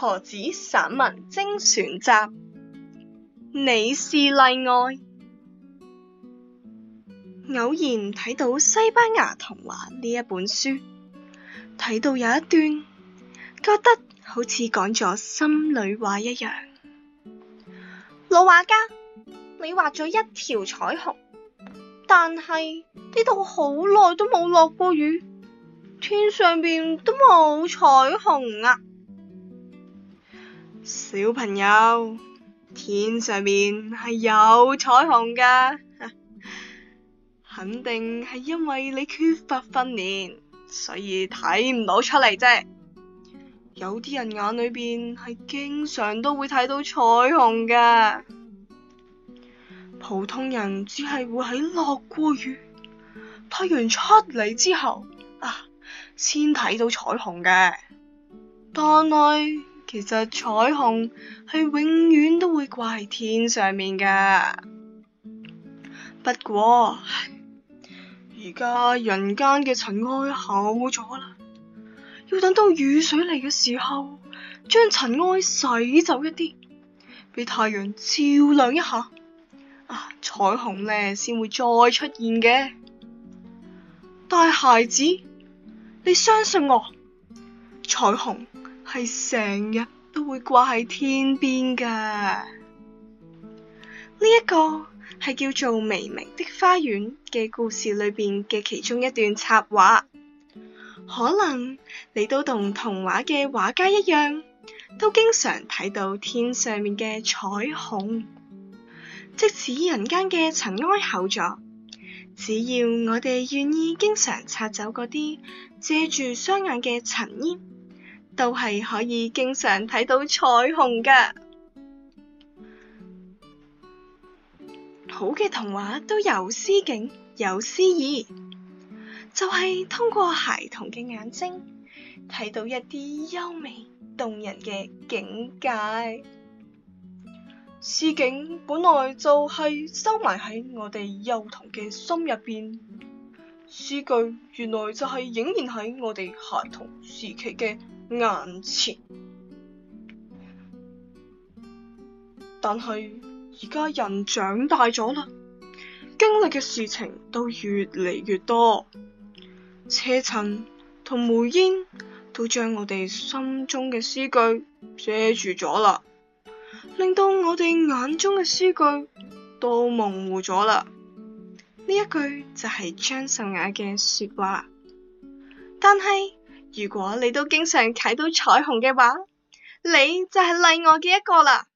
何紫散文精選集？你是例外。偶然睇到《西班牙童話》呢一本書，睇到有一段，覺得好似講咗心裏話一樣。老畫家，你畫咗一條彩虹，但係呢度好耐都冇落過雨，天上邊都冇彩虹啊！小朋友，天上面係有彩虹㗎， 肯定係因為你缺乏訓練，所以睇唔到出嚟啫。有啲人眼裏邊係經常都會睇到彩虹㗎，普通人只係會喺落過雨、太陽出嚟之後啊先睇到彩虹嘅，但係，其實彩虹係永遠都會掛喺天上面噶。不過而家人間嘅塵埃厚咗啦，要等到雨水嚟嘅時候，將塵埃洗走一啲，俾太陽照亮一下，啊，彩虹呢先會再出現嘅。但係孩子，你相信我，彩虹係成日都會掛喺天邊噶。呢一個係叫做《微明的花園》嘅故事裏邊嘅其中一段插畫。可能你都同童話嘅畫家一樣，都經常睇到天上面嘅彩虹。即使人間嘅塵埃厚咗，只要我哋願意經常擦走嗰啲遮住雙眼嘅塵煙。都係可以經常睇到彩虹嘅。好嘅童話都有詩景，有詩意，就係、是、通過孩童嘅眼睛睇到一啲優美動人嘅境界。詩景本來就係收埋喺我哋幼童嘅心入邊，詩句原來就係影現喺我哋孩童時期嘅。眼前，但係而家人長大咗啦，經歷嘅事情都越嚟越多，車塵同煤煙都將我哋心中嘅詩句遮住咗啦，令到我哋眼中嘅詩句都模糊咗啦。呢一句就係張秀雅嘅說話，但係。如果你都經常睇到彩虹嘅話，你就係例外嘅一個啦。